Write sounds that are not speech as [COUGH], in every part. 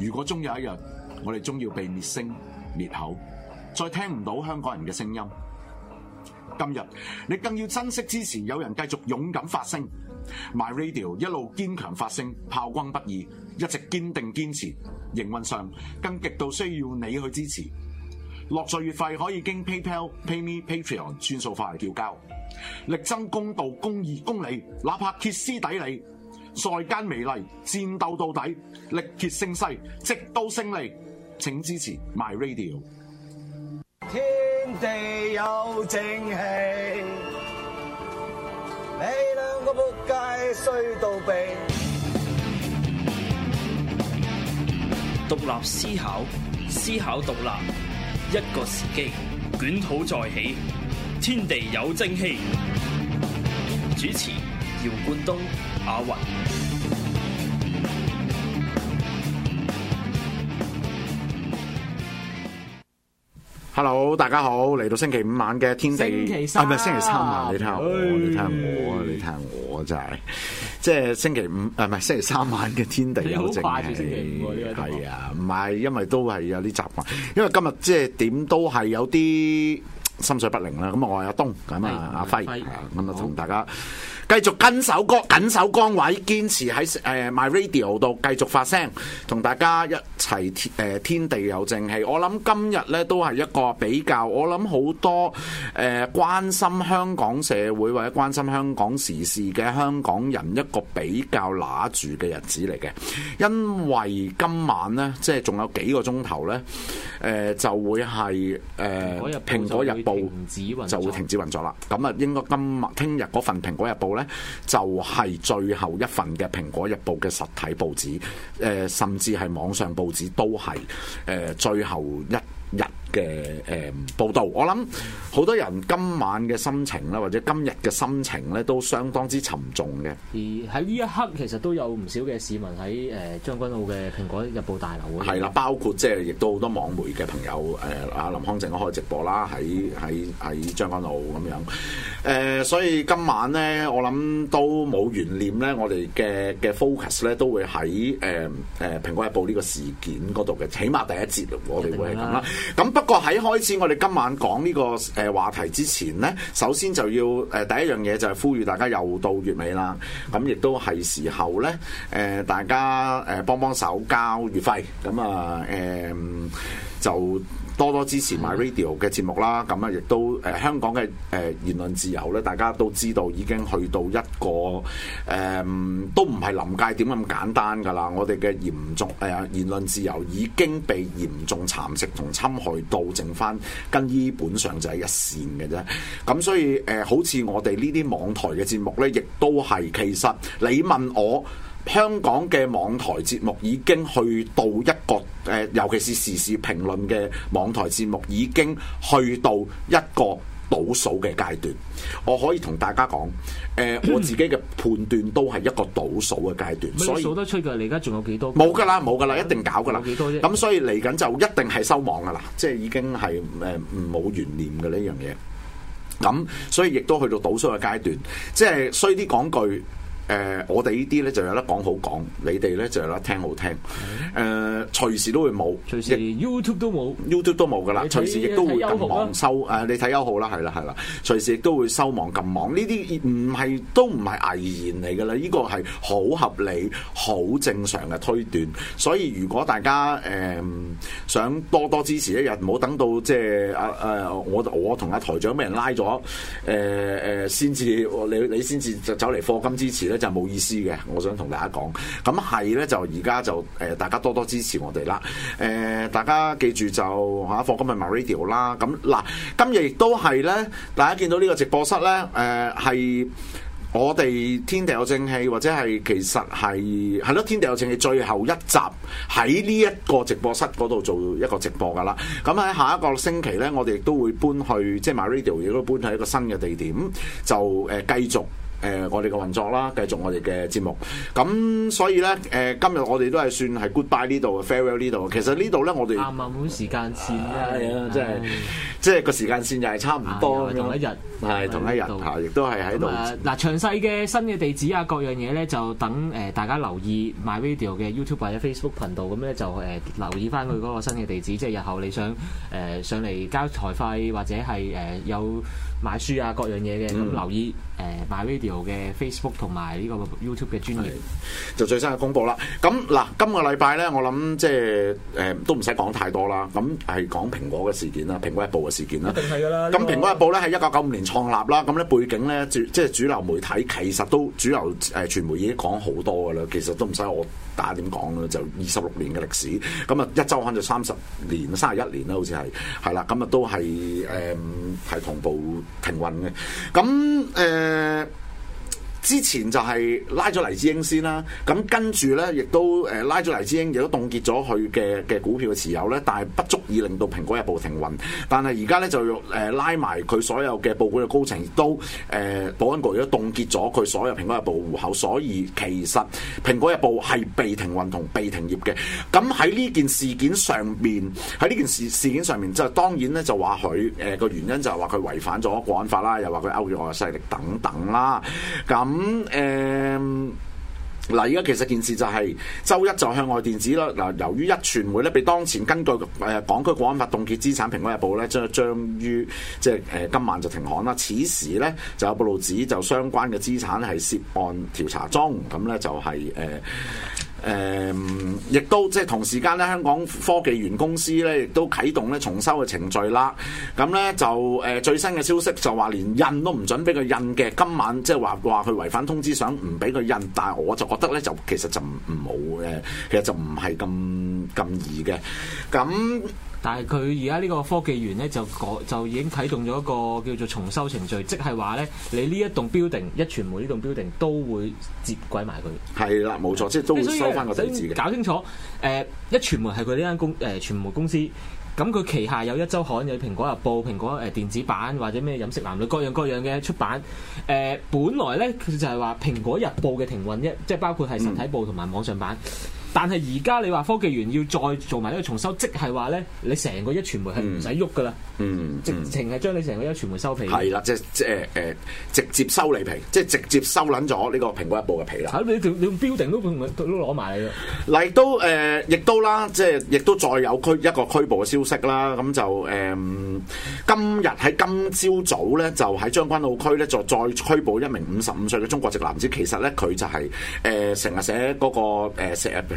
如果終有一日，我哋終要被滅聲滅口，再聽唔到香港人嘅聲音，今日你更要珍惜支持，有人繼續勇敢發聲，My Radio 一路堅強發聲，炮轟不已，一直堅定堅持，營運上更極度需要你去支持。落座月費可以經 PayPal、PayMe、Patreon 轉數快嚟繳交，力爭公道、公義、公理，哪怕歇斯底里。在間危裡，戰鬥到底，力竭聲嘶，直到勝利，請支持 My Radio。天地有正氣，你兩個仆街衰到痹。獨立思考，思考獨立，一個時機，捲土再起。天地有正氣。主持：姚冠東。阿 o Hello 大家好，嚟到星期五晚嘅天地，唔係星期三晚，你睇下我，你睇下我，你睇下我，真係，即係星期五，唔係星期三晚嘅天地有正氣，係啊，唔係、啊，因為都係有啲習慣，因為今日即係點都係有啲心水不靈啦，咁啊，我係阿東，咁的啊阿輝，咁的輝啊同的大家。繼續跟守崗，緊守崗位，堅持喺誒、呃、my radio 度繼續發聲，同大家一齊誒天地有正氣。我諗今日咧都係一個比較，我諗好多誒、呃、關心香港社會或者關心香港時事嘅香港人一個比較拿住嘅日子嚟嘅，因為今晚咧即係仲有幾個鐘頭咧，誒、呃、就會係誒蘋果日報，果日報就會停止運作啦。咁啊，應該今日聽日嗰份蘋果日報咧。就係最後一份嘅《蘋果日報》嘅實體報紙，誒、呃、甚至係網上報紙都係誒、呃、最後一嘅誒、嗯、報道，我諗好多人今晚嘅心情啦，或者今日嘅心情咧，都相當之沉重嘅。而喺呢一刻，其實都有唔少嘅市民喺誒、呃、將軍澳嘅《蘋果日報》大樓嘅。係啦，包括即係亦都好多網媒嘅朋友誒，阿、呃、林康正開直播啦，喺喺喺將軍澳咁樣。誒、呃，所以今晚咧，我諗都冇懸念咧，我哋嘅嘅 focus 咧，都會喺誒誒《蘋果日報》呢個事件度嘅。起碼第一節，我哋會係咁啦。咁不過喺開始，我哋今晚講呢個誒話題之前呢，首先就要誒、呃、第一樣嘢就係呼籲大家，又到月尾啦，咁亦都係時候呢，誒、呃、大家誒幫幫手交月費，咁啊誒、呃、就，多多支持 MyRadio 嘅節目啦，咁啊亦都誒、呃、香港嘅誒、呃、言論自由咧，大家都知道已經去到一個誒、呃、都唔係臨界點咁簡單噶啦。我哋嘅嚴重誒、呃、言論自由已經被嚴重蠶食同侵害到，剩翻跟基本上就係一線嘅啫。咁所以誒、呃、好似我哋呢啲網台嘅節目咧，亦都係其實你問我。香港嘅網台節目已經去到一個誒、呃，尤其是時事評論嘅網台節目已經去到一個倒數嘅階段。我可以同大家講，誒、呃，我自己嘅判斷都係一個倒數嘅階段。所以你數得出嘅，你而家仲有幾多？冇噶啦，冇噶啦，一定搞噶啦。幾多啫？咁所以嚟緊就一定係收網噶啦，即係已經係誒冇懸念嘅呢樣嘢。咁所以亦都去到倒數嘅階段，即係衰啲講句。誒、呃，我哋呢啲咧就有得講好講，你哋咧就有得聽好聽。誒、呃，隨時都會冇，隨時 YouTube 都冇，YouTube 都冇噶啦。隨時亦都會撳網收誒，你睇優酷啦，係啦係啦，隨時亦都會收網撳網。呢啲唔係都唔係危言嚟噶啦，呢個係好合理、好正常嘅推斷。所以如果大家誒、呃、想多多支持一日，唔好等到即係阿阿我我同阿台長俾人拉咗，誒誒先至你你先至就走嚟課金支持咧。就冇 [MUSIC] 意思嘅，我想同大家講，咁係咧就而家就誒，大家多多支持我哋啦。誒、呃，大家記住就下一放今日 MyRadio 啦。咁、啊、嗱，今日亦都係咧，大家見到呢個直播室咧，誒、呃、係我哋天地有正氣，或者係其實係係咯，天地有正氣最後一集喺呢一個直播室嗰度做一個直播噶啦。咁、啊、喺下一個星期咧，我哋亦都會搬去即係、就是、MyRadio，亦都搬去一個新嘅地點，就誒繼、呃、續。誒、呃，我哋嘅運作啦，繼續我哋嘅節目。咁所以咧，誒、呃，今日我哋都係算係 goodbye 呢度，farewell 呢度。其實呢度咧，我哋啱啱冇時間線啊，即係即係個時間線又係差唔多、哎，day, 同一日，係同一日亦都係喺度。嗱，Female. 詳細嘅新嘅地址啊，各樣嘢咧，就等誒大家留意 my radio 嘅 YouTube 或者 Facebook 頻道，咁咧就誒留意翻佢嗰個新嘅地址。即係日後你想誒、呃、上嚟交台費或者係誒有。買書啊，各樣嘢嘅，咁留意誒 M、嗯呃、yRadio 嘅 Facebook 同埋呢個 YouTube 嘅專頁，就最新嘅公佈啦。咁嗱，今個禮拜咧，我諗即係誒、呃、都唔使講太多啦。咁係講蘋果嘅事件啦，蘋果日報嘅事件啦。一定係㗎啦。咁蘋果日報咧，係一九九五年創立啦。咁咧背景，咧，主即係主流媒體，其實都主流誒傳媒已經講好多㗎啦。其實都唔使我。打點講啦，就二十六年嘅歷史，咁啊一周刊就三十年，三十一年啦，好似係係啦，咁啊都係誒，係、呃、同步停運嘅，咁誒。呃之前就係拉咗黎智英先啦，咁跟住咧，亦都誒拉咗黎智英，亦都，都凍結咗佢嘅嘅股票嘅持有咧，但係不足以令到《蘋果日報》停運。但係而家咧就要誒拉埋佢所有嘅報館嘅高層，亦都誒保安局亦都凍結咗佢所有《蘋果日報》戶口，所以其實《蘋果日報》係被停運同被停業嘅。咁喺呢件事件上面，喺呢件事事件上面，即係當然咧就話佢誒個原因就係話佢違反咗《國安法》啦，又話佢勾結外勢力等等啦，咁、嗯。咁誒嗱，而家、嗯、其實件事就係周一就向外電子啦。嗱，由於壹傳媒咧被當前根據誒港區國安法凍結資產，蘋果日報咧將將於即係誒今晚就停刊啦。此時咧就有報道指就相關嘅資產係涉案調查中，咁咧就係、是、誒。呃嗯誒，亦、嗯、都即係同時間咧，香港科技園公司咧，亦都啟動咧重修嘅程序啦。咁咧就誒、呃、最新嘅消息就話連印都唔準俾佢印嘅。今晚即係話話佢違反通知，想唔俾佢印。但係我就覺得咧，就其實就唔唔好嘅，其實就唔係咁咁易嘅。咁但係佢而家呢個科技園呢，就就已經啟動咗一個叫做重修程序，即係話呢：「你呢一棟 building 壹傳媒呢棟 building 都會接軌埋佢。係啦，冇錯，即係都會收翻個地址。搞清楚誒、呃，壹傳媒係佢呢間公誒、呃、傳媒公司，咁佢旗下有壹週刊有蘋果日報、蘋果誒電子版或者咩飲食男女各樣各樣嘅出版。誒、呃，本來呢，佢就係話蘋果日報嘅停運一，即係包括係實體報同埋網上版。嗯但係而家你話科技園要再做埋呢個重修，即係話咧，你成個一傳媒係唔使喐噶啦，嗯嗯、直情係將你成個一傳媒收皮。係啦，即即誒、呃，直接收你皮，即係直接收撚咗呢個蘋果一部嘅皮啦。你條你 building 都都攞埋你咯。嚟都誒，亦、呃、都啦，即係亦都再有拘一個拘捕嘅消息啦。咁就誒、呃，今日喺今朝早咧，就喺將軍澳區咧，就再拘捕一名五十五歲嘅中國籍男子。其實咧，佢就係誒成日寫嗰、那個誒 s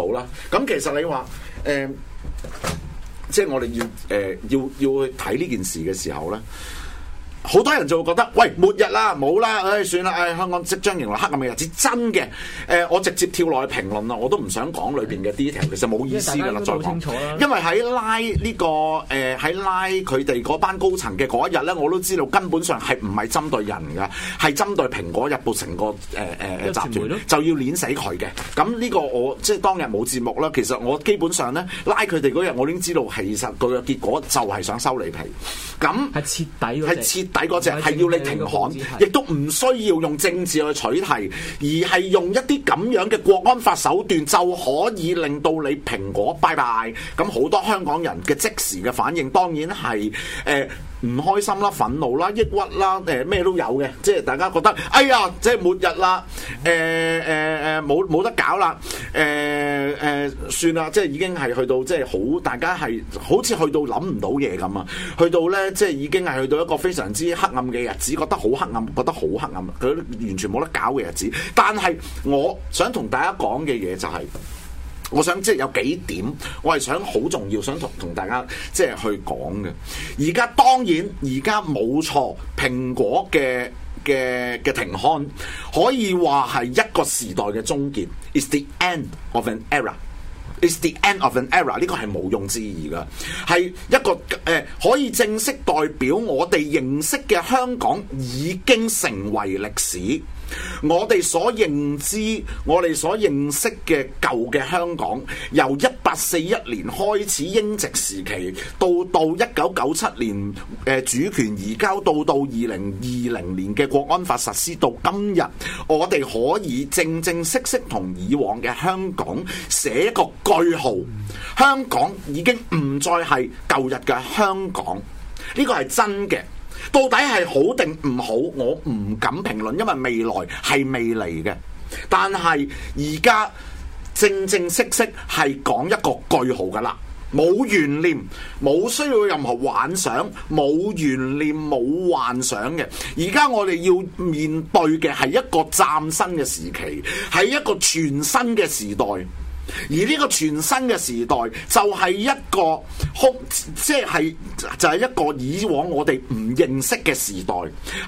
好啦，咁其實你話誒、呃，即係我哋要誒、呃，要要去睇呢件事嘅時候咧。好多人就會覺得，喂，末日啦，冇啦，唉、哎，算啦，唉，香港即將迎來黑暗嘅日子，真嘅。誒、呃，我直接跳落去評論啦，我都唔想講裏邊嘅 detail，其實冇意思㗎喇，再講。因為喺拉呢個誒，喺拉佢哋嗰班高層嘅嗰一日咧，我都知道根本上係唔係針對人嘅，係針對蘋果日報成個誒誒、呃呃、集團，就要碾死佢嘅。咁呢個我即係當日冇節目啦。其實我基本上咧拉佢哋嗰日，我已經知道其實個結果就係想收你皮。咁係徹底，係徹底嗰只係要你停刊，亦都唔需要用政治去取締，而係用一啲咁樣嘅國安法手段就可以令到你蘋果拜拜。咁好多香港人嘅即時嘅反應，當然係誒。呃唔開心啦，憤怒啦，抑鬱啦，誒、呃、咩都有嘅，即係大家覺得哎呀，即係末日啦，誒誒誒冇冇得搞啦，誒、呃、誒、呃、算啦，即係已經係去到即係好，大家係好似去到諗唔到嘢咁啊，去到咧即係已經係去到一個非常之黑暗嘅日子，覺得好黑暗，覺得好黑暗，佢完全冇得搞嘅日子。但係我想同大家講嘅嘢就係、是。我想即係有幾點，我係想好重要，想同同大家即係去講嘅。而家當然，而家冇錯，蘋果嘅嘅嘅停刊可以話係一個時代嘅終結，is the end of an era，is the end of an era，呢個係毋庸置疑㗎，係一個誒、呃、可以正式代表我哋認識嘅香港已經成為歷史。我哋所認知、我哋所認識嘅舊嘅香港，由一八四一年開始英殖時期，到到一九九七年誒、呃、主權移交，到到二零二零年嘅國安法實施到今日，我哋可以正正式式同以往嘅香港寫一個句號。香港已經唔再係舊日嘅香港，呢、這個係真嘅。到底係好定唔好？我唔敢評論，因為未來係未嚟嘅。但係而家正正式式係講一個句號㗎啦，冇懸念，冇需要任何幻想，冇懸念，冇幻想嘅。而家我哋要面對嘅係一個嶄新嘅時期，係一個全新嘅時代。而呢個全新嘅時代就係一個空，即係就係一個以往我哋唔認識嘅時代，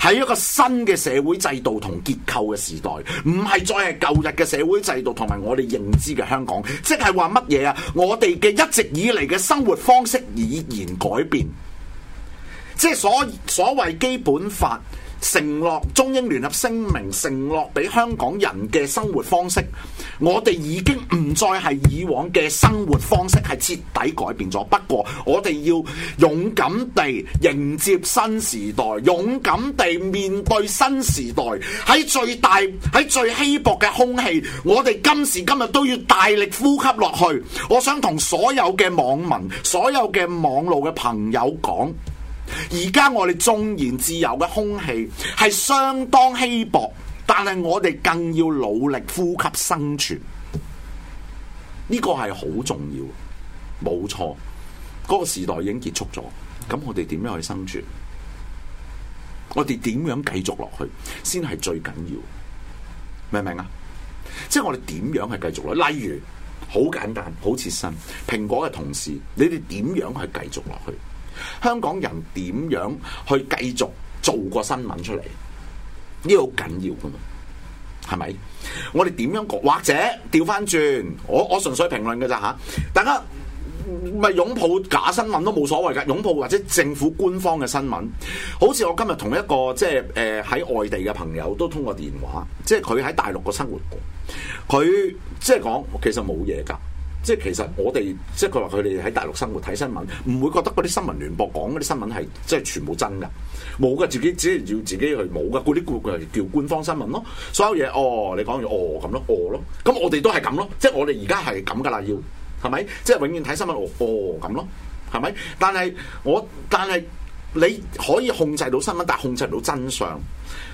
喺一個新嘅社會制度同結構嘅時代，唔係再係舊日嘅社會制度同埋我哋認知嘅香港，即係話乜嘢啊？我哋嘅一直以嚟嘅生活方式已然改變，即係所所謂基本法。承諾中英聯合聲明承諾俾香港人嘅生活方式，我哋已經唔再係以往嘅生活方式，係徹底改變咗。不過我哋要勇敢地迎接新時代，勇敢地面對新時代。喺最大、喺最稀薄嘅空氣，我哋今時今日都要大力呼吸落去。我想同所有嘅網民、所有嘅網路嘅朋友講。而家我哋縱然自由嘅空氣係相當稀薄，但係我哋更要努力呼吸生存，呢個係好重要。冇錯，嗰個時代已經結束咗，咁我哋點樣去生存？我哋點樣繼續落去先係最緊要？明唔明啊？即係我哋點樣去繼續落去？例如，好簡單，好切身。蘋果嘅同事，你哋點樣去繼續落去？香港人點樣去繼續做個新聞出嚟？呢個好緊要噶嘛？係咪？我哋點樣講？或者調翻轉？我我純粹評論噶咋吓？大家咪擁抱假新聞都冇所謂噶，擁抱或者政府官方嘅新聞。好似我今日同一個即係誒喺外地嘅朋友都通過電話，即係佢喺大陸個生活過，佢即係講其實冇嘢噶。即係其實我哋即係佢話佢哋喺大陸生活睇新聞，唔會覺得嗰啲新聞聯播講嗰啲新聞係即係全部真噶？冇噶，自己只要自己去冇噶，嗰啲叫官方新聞咯。所有嘢哦，你講完哦咁、哦、咯，哦咯。咁我哋都係咁咯，即係我哋而家係咁噶啦，要係咪？即係永遠睇新聞哦哦咁咯，係咪？但係我但係你可以控制到新聞，但係控制唔到真相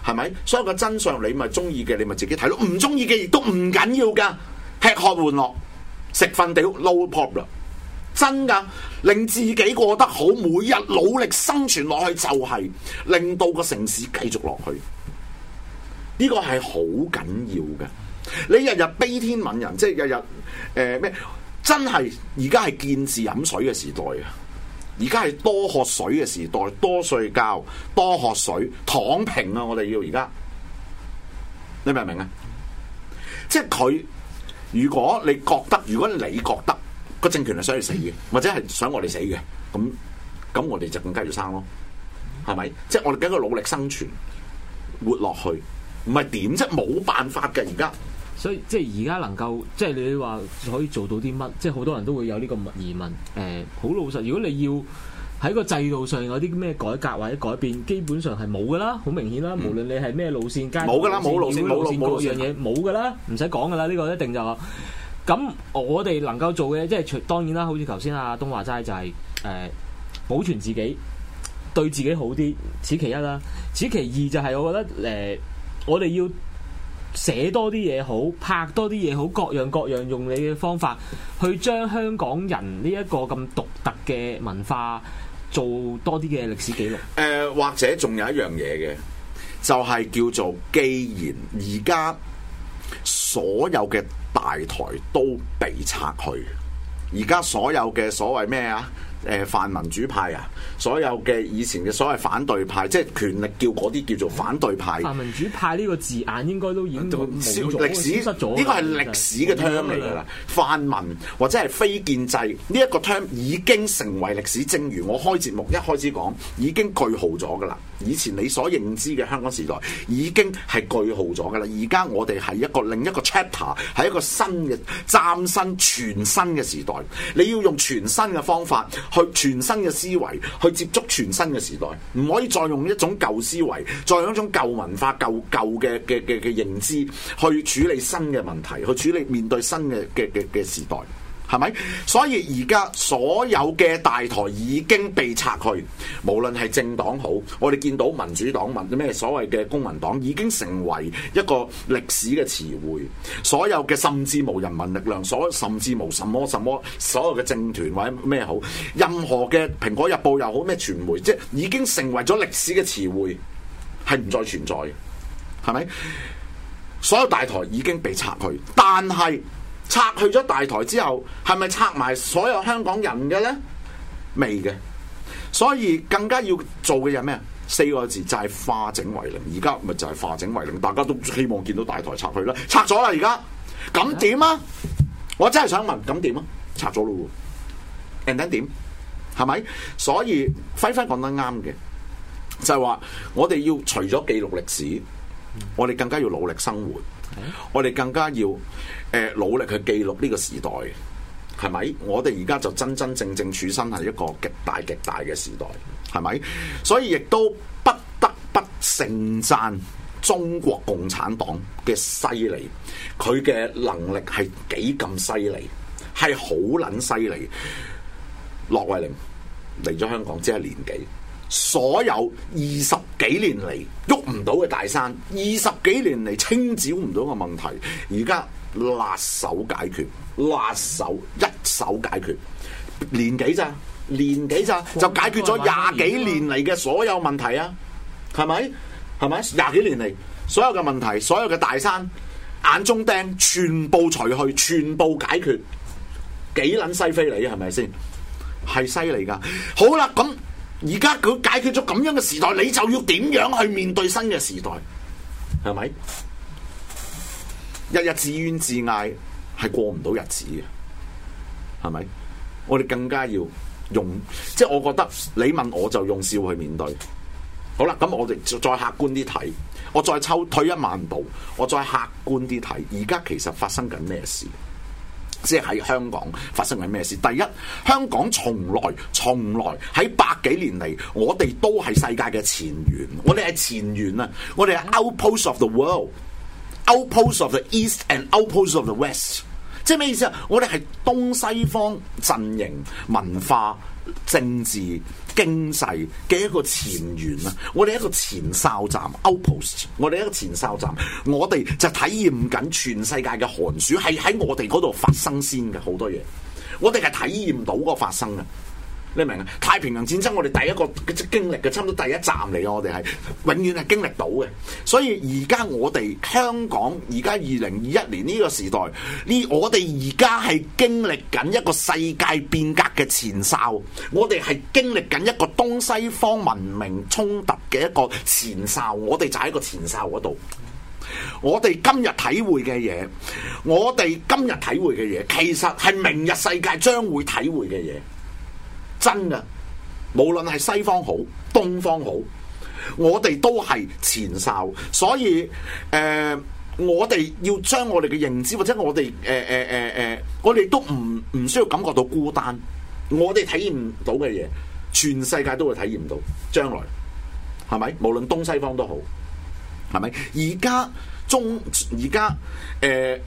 係咪？所有嘅真相你咪中意嘅，你咪自己睇咯。唔中意嘅亦都唔緊要噶，吃喝玩樂。食瞓屌 low pop 啦，no、真㗎令自己過得好，每日努力生存落去就係、是、令到個城市繼續落去，呢、這個係好緊要嘅。你日日悲天憫人，即係日日誒咩、呃？真係而家係見字飲水嘅時代啊！而家係多喝水嘅時代，多睡覺，多喝水，躺平啊！我哋要而家，你明唔明啊？即係佢。如果你覺得，如果你覺得個政權係想你死嘅，或者係想我哋死嘅，咁咁我哋就更加要生咯，係咪？ [MUSIC] 即係我哋喺度努力生存，活落去，唔係點？即冇辦法嘅而家。所以即係而家能夠，即係你話可以做到啲乜？即係好多人都會有呢個疑問。誒、呃，好老實，如果你要。喺個制度上有啲咩改革或者改變，基本上係冇噶啦，好明顯啦、嗯、啦。無論你係咩路線，冇噶啦，冇路線，冇路線，冇各樣嘢，冇噶啦，唔使講噶啦，呢、這個一定就咁。嗯嗯、我哋能夠做嘅，即係除當然啦，好似頭先阿東話齋就係、是、誒、呃、保存自己，對自己好啲，此其一啦。此其二就係我覺得誒、呃，我哋要寫多啲嘢好，拍多啲嘢好，各樣各樣，各樣用你嘅方法去將香港人呢一個咁獨特嘅文化，做多啲嘅歷史記錄，誒、呃、或者仲有一樣嘢嘅，就係、是、叫做既然而家所有嘅大台都被拆去，而家所有嘅所謂咩啊？誒，泛民主派啊，所有嘅以前嘅所謂反對派，即係權力叫嗰啲叫做反對派。泛民主派呢個字眼應該都已經歷史，呢個係歷史嘅 term 嚟噶啦。泛民或者係非建制呢一個 term 已經成為歷史，正如我開節目一開始講，已經句號咗噶啦。以前你所認知嘅香港時代已經係句號咗噶啦。而家我哋係一個另一個 chapter，係一個新嘅嶄新全新嘅時代，你要用全新嘅方法。去全新嘅思維，去接觸全新嘅時代，唔可以再用一種舊思維，再用一種舊文化、舊舊嘅嘅嘅嘅認知去處理新嘅問題，去處理面對新嘅嘅嘅嘅時代。係咪？所以而家所有嘅大台已經被拆去，無論係政黨好，我哋見到民主黨、乜咩所謂嘅公民黨，已經成為一個歷史嘅詞彙。所有嘅甚至無人民力量，所甚至無什麼什麼，所有嘅政團或者咩好，任何嘅《蘋果日報》又好，咩傳媒，即已經成為咗歷史嘅詞彙，係唔再存在嘅。係咪？所有大台已經被拆去，但係。拆去咗大台之後，係咪拆埋所有香港人嘅咧？未嘅，所以更加要做嘅係咩啊？四個字就係化整為零。而家咪就係化整為零，大家都希望見到大台拆去啦。拆咗啦，而家咁點啊？我真係想問，咁點啊？拆咗咯喎，and then 點？係咪？所以輝輝講得啱嘅，就係話我哋要除咗記錄歷史，我哋更加要努力生活。我哋更加要努力去記錄呢個時代，係咪？我哋而家就真真正正處身係一個極大極大嘅時代，係咪？所以亦都不得不盛讚中國共產黨嘅犀利，佢嘅能力係幾咁犀利，係好撚犀利。駱惠寧嚟咗香港只係年幾？所有二十幾年嚟喐唔到嘅大山，二十幾年嚟清剿唔到嘅問題，而家辣手解決，辣手一手解決，年幾咋？年幾咋？就解決咗廿幾年嚟嘅所有問題啊？係咪？係咪？廿幾年嚟所有嘅問題，所有嘅大山眼中釘，全部除去，全部解決，幾捻犀飛利啊？係咪先？係犀利㗎！好啦，咁。而家佢解決咗咁樣嘅時代，你就要點樣去面對新嘅時代？係咪日日自怨自艾係過唔到日子嘅？係咪？我哋更加要用，即係我覺得你問我就用笑去面對。好啦，咁我哋就再客觀啲睇，我再抽退一萬步，我再客觀啲睇，而家其實發生緊咩事？即係喺香港發生緊咩事？第一，香港從來從來喺百幾年嚟，我哋都係世界嘅前沿，我哋係前沿啊！我哋係 outpost of the world，outpost of the east and outpost of the west，即係咩意思啊？我哋係東西方陣營文化、政治經濟嘅一個前沿啊！我哋一個前哨站，Outpost，我哋一個前哨站，我哋就體驗緊全世界嘅寒暑係喺我哋嗰度發生先嘅好多嘢，我哋係體驗到個發生嘅。你明啊？太平洋戰爭我哋第一個嘅經歷嘅，差唔多第一站嚟嘅，我哋係永遠係經歷到嘅。所以而家我哋香港，而家二零二一年呢個時代，呢我哋而家係經歷緊一個世界變革嘅前哨，我哋係經歷緊一個東西方文明衝突嘅一個前哨，我哋就喺個前哨嗰度。我哋今日體會嘅嘢，我哋今日體會嘅嘢，其實係明日世界將會體會嘅嘢。真㗎，無論係西方好，東方好，我哋都係前哨，所以誒、呃，我哋要將我哋嘅認知或者我哋誒誒誒誒，我哋都唔唔需要感覺到孤單。我哋體驗唔到嘅嘢，全世界都會體驗到，將來係咪？無論東西方都好，係咪？而家中而家誒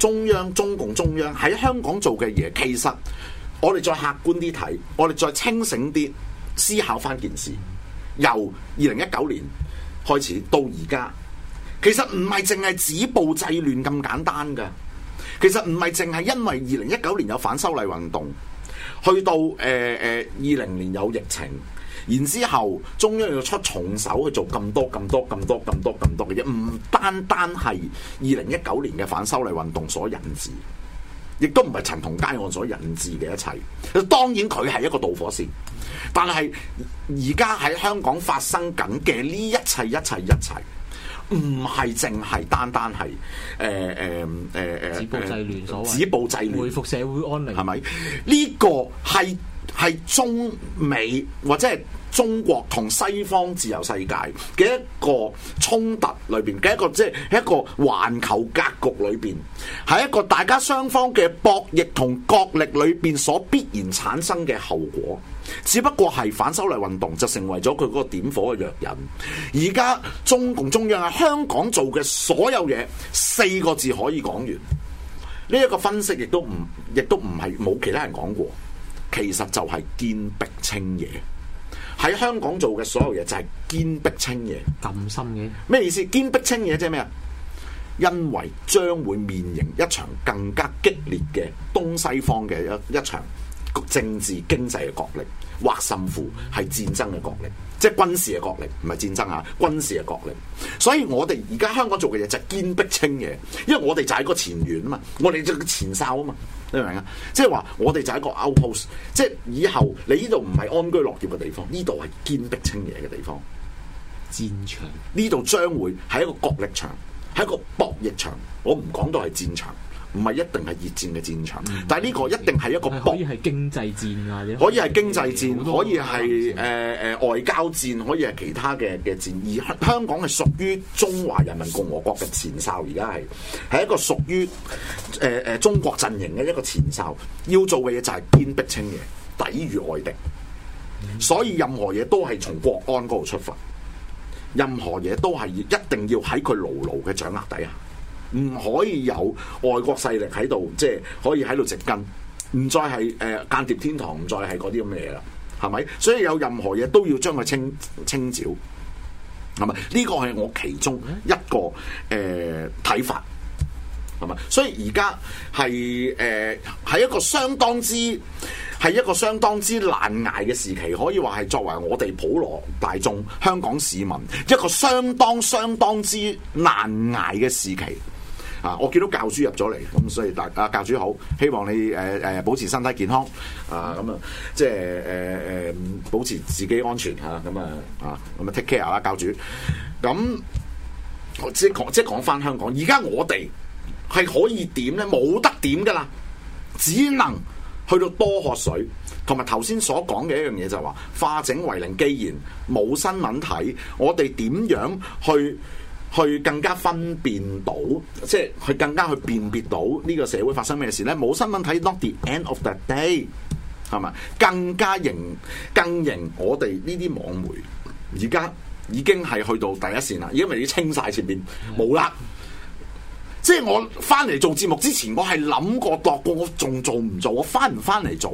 中央，中共中央喺香港做嘅嘢，其實。我哋再客觀啲睇，我哋再清醒啲思考翻件事。由二零一九年開始到而家，其實唔係淨係止暴制亂咁簡單㗎，其實唔係淨係因為二零一九年有反修例運動，去到誒誒二零年有疫情，然之後中央又出重手去做咁多咁多咁多咁多咁多嘅嘢，唔單單係二零一九年嘅反修例運動所引致。亦都唔係陳同佳案所引致嘅一切，當然佢係一個導火線，但係而家喺香港發生緊嘅呢一切、一切、一切，唔係淨係單單係誒誒誒誒止暴制亂所謂，止暴制亂，回復社會安寧係咪？呢吧 [LAUGHS] 個係係中美或者係。中國同西方自由世界嘅一個衝突裏邊嘅一個，即係一個環球格局裏邊，喺一個大家雙方嘅博弈同角力裏邊所必然產生嘅後果，只不過係反修例運動就成為咗佢嗰個點火嘅藥引。而家中共中央喺香港做嘅所有嘢，四個字可以講完，呢一個分析亦都唔亦都唔係冇其他人講過，其實就係堅壁清野。喺香港做嘅所有嘢就係堅壁清野，咁深嘅咩意思？堅壁清野即係咩啊？因為將會面迎一場更加激烈嘅東西方嘅一一場政治經濟嘅角力。或甚乎係戰爭嘅角力，即係軍事嘅角力，唔係戰爭啊，軍事嘅角力。所以我哋而家香港做嘅嘢就係堅壁清野，因為我哋就喺個前沿啊嘛，我哋就個前哨啊嘛，你明唔明啊？即係話我哋就喺個 outpost，即係以後你呢度唔係安居樂業嘅地方，呢度係堅壁清野嘅地方。戰場呢度將會係一個角力場，係一個博弈場，我唔講到係戰場。唔係一定係熱戰嘅戰場，嗯、但係呢個一定係一個可以係經濟戰啊！可以係經濟戰，濟戰可以係誒誒外交戰，可以係其他嘅嘅戰。而香港係屬於中華人民共和國嘅前哨，而家係係一個屬於誒誒、呃、中國陣營嘅一個前哨。要做嘅嘢就係堅壁清野，抵禦外敵。所以任何嘢都係從國安嗰度出發，任何嘢都係一定要喺佢牢牢嘅掌握底下。唔可以有外國勢力喺度，即係可以喺度植根，唔再係誒間諜天堂，唔再係嗰啲咁嘅嘢啦，係咪？所以有任何嘢都要將佢清清剿，係咪？呢個係我其中一個誒睇法，係咪？所以而家係誒係一個相當之係一個相當之難捱嘅時期，可以話係作為我哋普羅大眾、香港市民一個相當相當之難捱嘅時期。啊！我見到教主入咗嚟，咁所以大啊教主好，希望你誒誒、呃呃、保持身體健康啊，咁啊即係誒誒保持自己安全嚇，咁啊啊咁啊 take care 啦，教主。咁即係講即係講返香港，而家我哋係可以點咧？冇得點㗎啦，只能去到多喝水，同埋頭先所講嘅一樣嘢就話化整為零。既然冇新聞睇，我哋點樣去？去更加分辨到，即係去更加去辨別到呢個社會發生咩事呢，冇新聞睇，Not the end of the day，係咪？更加認，更認我哋呢啲網媒，而家已經係去到第一線啦，因為要清晒前面，冇啦。即係我翻嚟做節目之前，我係諗過、度過，我仲做唔做？我翻唔翻嚟做？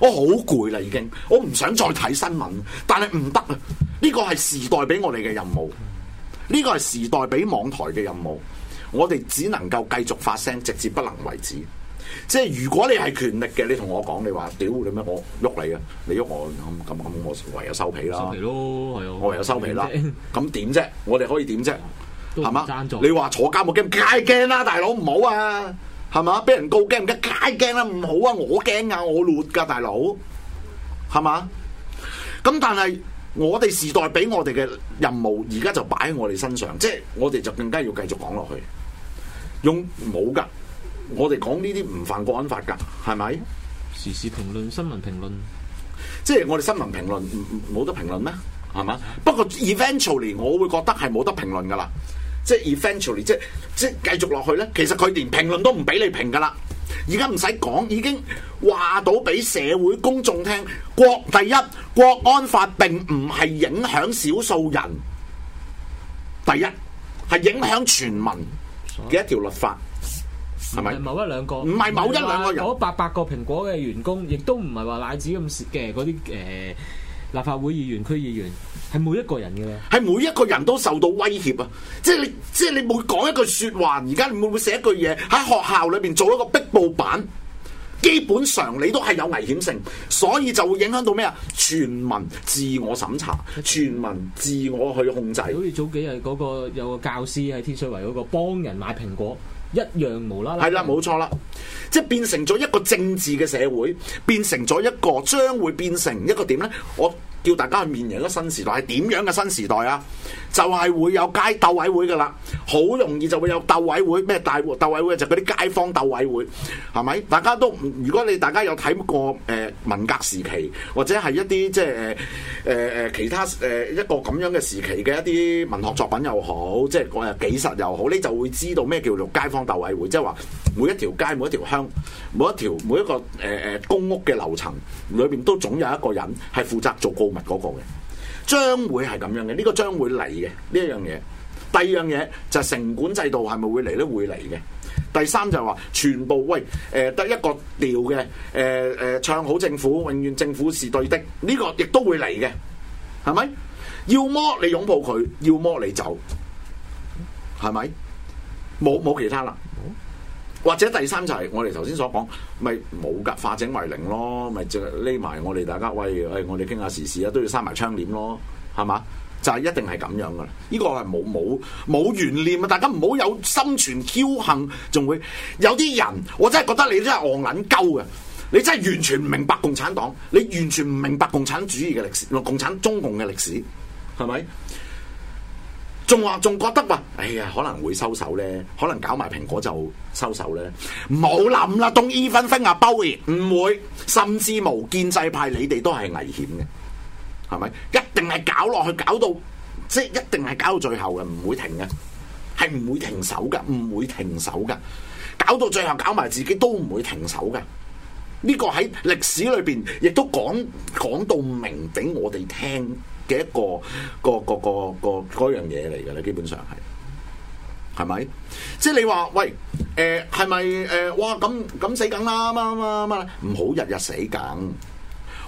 我好攰啦，已經，我唔想再睇新聞，但係唔得啊！呢個係時代俾我哋嘅任務。呢個係時代俾網台嘅任務，我哋只能夠繼續發聲，直至不能為止。即係如果你係權力嘅，你同我講，你話，屌你咩？我喐你啊，你喐我咁咁咁，我唯有收皮啦。收皮咯，係啊，我唯有收皮啦。咁點啫？我哋可以點啫？係嘛？你話坐監冇驚唔驚，皆驚啦，大佬唔好啊，係嘛？俾人告驚唔驚？皆驚啦，唔好啊！我驚啊，我亂噶，大佬係嘛？咁但係我哋時代俾我哋嘅任務，而家就擺喺我哋身上，即係我哋就更加要繼續講落去。用冇噶，我哋講呢啲唔犯國安法噶，係咪時事評論、新聞評論？即係我哋新聞評論，冇得評論咩？係嘛吧？不過 eventually 我會覺得係冇得評論噶啦，即係 eventually 即，即繼續落去咧。其實佢連評論都唔俾你評噶啦。而家唔使講，已經話到俾社會公眾聽，國第一國安法並唔係影響少數人，第一係影響全民嘅一條律法，係咪？某一兩個唔係某一兩個人，八百個蘋果嘅員工，亦都唔係話奶子咁少嘅嗰啲誒立法會議員、區議員。係每一個人嘅，係每一個人都受到威脅啊！即係你，即係你每講一句說話，而家你會唔會寫一句嘢，喺學校裏面做一個壁報板，基本上你都係有危險性，所以就會影響到咩啊？全民自我審查，全民自我去控制。好似早幾日嗰個有個教師喺天水圍嗰個幫人買蘋果，一樣無啦啦係啦，冇錯啦，即係變成咗一個政治嘅社會，變成咗一個將會變成一個點呢？我叫大家去面迎一個新時代，係點樣嘅新時代啊？就係會有街鬥委會噶啦，好容易就會有鬥委會，咩大鬥委會就嗰啲街坊鬥委會，係咪？大家都如果你大家有睇過誒文、呃、革時期，或者係一啲即係誒誒誒其他誒、呃、一個咁樣嘅時期嘅一啲文學作品又好，即係誒紀實又好，你就會知道咩叫做街坊鬥委會，即係話每一條街、每一條鄉、每一條每一個誒誒、呃、公屋嘅樓層裏邊都總有一個人係負責做告密嗰個嘅。將會係咁樣嘅，呢、這個將會嚟嘅呢一樣嘢。第二樣嘢就係，城管制度係咪會嚟咧？會嚟嘅。第三就係話全部喂誒、呃、得一個調嘅誒誒唱好政府，永遠政府是對的。呢、這個亦都會嚟嘅，係咪？要麼你擁抱佢，要麼你走，係咪？冇冇其他啦。或者第三就係、是、我哋頭先所講，咪冇㗎，化整為零咯，咪就匿埋我哋大家喂，誒、哎、我哋傾下時事啊，都要閂埋窗簾咯，係嘛？就係一定係咁樣㗎啦，依、這個係冇冇冇懸念啊！大家唔好有心存僥倖，仲會有啲人，我真係覺得你真係戇撚鳩呀，你真係完全唔明白共產黨，你完全唔明白共產主義嘅歷史，共產中共嘅歷史，係咪？仲話仲覺得話，哎呀，可能會收手咧，可能搞埋蘋果就收手咧，唔好諗啦，don't even think about it，唔會，甚至無建制派，你哋都係危險嘅，係咪？一定係搞落去，搞到即係一定係搞到最後嘅，唔會停嘅，係唔會停手嘅，唔會停手嘅，搞到最後搞埋自己都唔會停手嘅。呢個喺歷史裏邊，亦都講講到明俾我哋聽嘅一個個個個個嗰樣嘢嚟嘅啦，基本上係係咪？即係你話喂誒係咪誒？哇咁咁死梗啦！啊嘛啊，唔好日日死梗。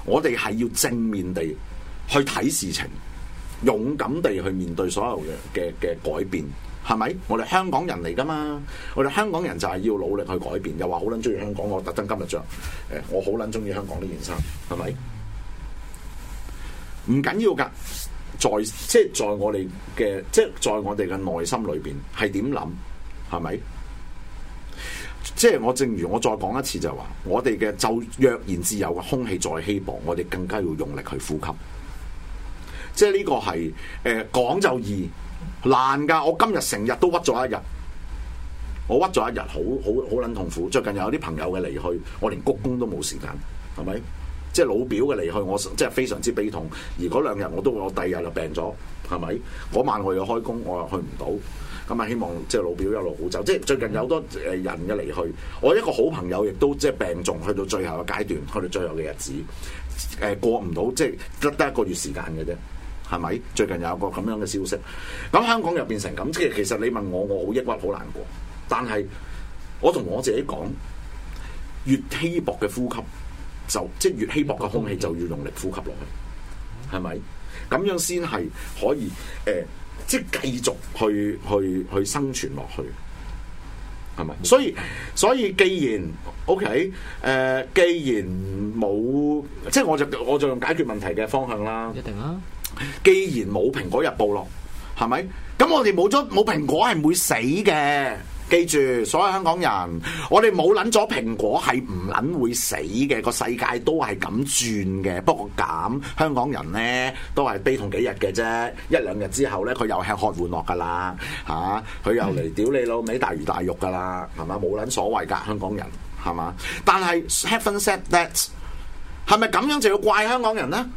我哋係要正面地去睇事情，勇敢地去面對所有嘅嘅嘅改變。係咪？我哋香港人嚟噶嘛？我哋香港人就係要努力去改變。又話好捻中意香港，我特登今日着，誒，我好捻中意香港呢件衫，係咪？唔緊要噶，在即係、就是、在我哋嘅，即、就、係、是、在我哋嘅內心裏邊係點諗，係咪？即、就、係、是、我正如我再講一次就係話，我哋嘅就若然自由嘅空氣再稀薄，我哋更加要用力去呼吸。即係呢個係誒，講就易。難噶，我今日成日都屈咗一日，我屈咗一日，好好好捻痛苦。最近有啲朋友嘅離去，我連鞠躬都冇時間，係咪？即係老表嘅離去，我即係非常之悲痛。而嗰兩日我都我第二日就病咗，係咪？嗰晚我又開工，我又去唔到。咁啊，希望即係老表一路好走。即係最近有好多誒人嘅離去，我一個好朋友亦都即係病重，去到最後嘅階段，去到最後嘅日子，誒過唔到，即係得得一個月時間嘅啫。係咪最近又有一個咁樣嘅消息？咁香港又變成咁，即係其實你問我，我好抑鬱、好難過。但係我同我自己講，越稀薄嘅呼吸就，就即係越稀薄嘅空氣，就要用力呼吸落去。係咪咁樣先係可以？誒、呃，即係繼續去去去生存落去，係咪？所以所以既然 okay，呃，既然 OK，誒，既然冇，即係我就我就用解決問題嘅方向啦，一定啦、啊。既然冇蘋果日報咯，係咪？咁我哋冇咗冇蘋果係唔會死嘅，記住所有香港人，我哋冇捻咗蘋果係唔捻會死嘅，個世界都係咁轉嘅。不過咁香港人呢，都係悲痛幾日嘅啫，一兩日之後呢，佢又吃喝，喝玩樂噶啦吓，佢、啊、又嚟屌你老味大魚大肉噶啦，係嘛冇捻所謂噶香港人，係嘛？但係 Heaven said that 係咪咁樣就要怪香港人呢？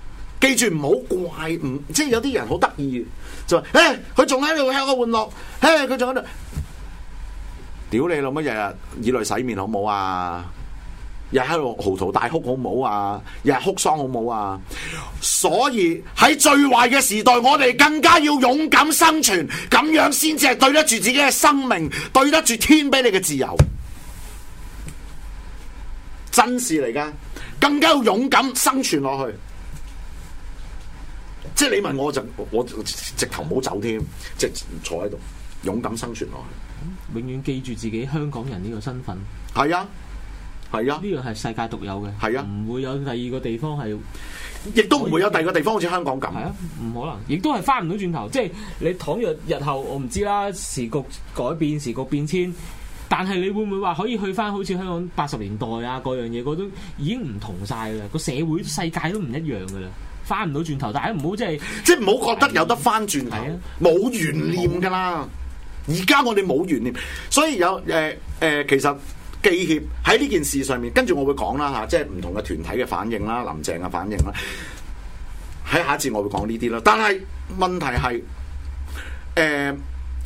記住唔好怪，唔即係有啲人好得意，就話誒，佢仲喺度喺度玩樂，誒、欸，佢仲喺度，屌你老母！日日以淚洗面，好唔好啊？日日喺度嚎啕大哭，好唔好啊？日日哭喪，好唔好啊？所以喺最壞嘅時代，我哋更加要勇敢生存，咁樣先至係對得住自己嘅生命，對得住天俾你嘅自由。真事嚟㗎，更加要勇敢生存落去。即係你問我，我就我，就我就直頭唔好走添，即係坐喺度勇敢生存落去，永遠記住自己香港人呢個身份。係啊，係啊，呢個係世界獨有嘅，係啊，唔會有第二個地方係，亦都唔會有第二個地方好似香港咁。係啊，唔可能，亦都係翻唔到轉頭。即係你倘若日後我唔知啦，時局改變，時局變遷，但係你會唔會話可以去翻好似香港八十年代啊嗰樣嘢，嗰都已經唔同晒噶啦，個社會世界都唔一樣噶啦。翻唔到轉頭，但係唔好即係，即係唔好覺得有得翻轉頭，冇懸、啊、念噶啦。而家我哋冇懸念，所以有誒誒、呃呃，其實記協喺呢件事上面，跟住我會講啦吓，即係唔同嘅團體嘅反應啦，林鄭嘅反應啦。喺下一次我會講呢啲啦，但係問題係，誒、呃，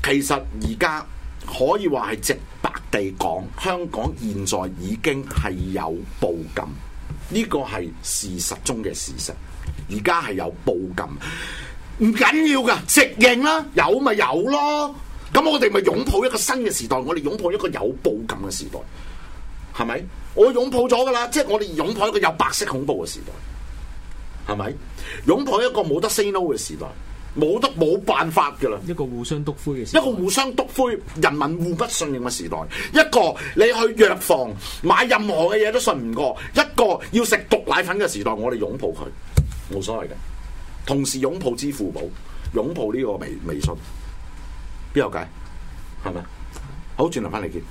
其實而家可以話係直白地講，香港現在已經係有暴政，呢、這個係事實中嘅事實。而家係有報禁，唔緊要噶，直認啦，有咪有咯。咁我哋咪擁抱一個新嘅時代，我哋擁抱一個有報禁嘅時代，係咪？我擁抱咗噶啦，即係我哋擁抱一個有白色恐怖嘅時代，係咪？擁抱一個冇得 say no 嘅時代，冇得冇辦法噶啦，一個互相督灰嘅時代，一個互相督灰人民互不信任嘅時代，一個你去藥房買任何嘅嘢都信唔過，一個要食毒奶粉嘅時代，我哋擁抱佢。冇所謂嘅，同時擁抱支付寶，擁抱呢個微信，邊有計？係咪吧？好，轉頭返嚟見。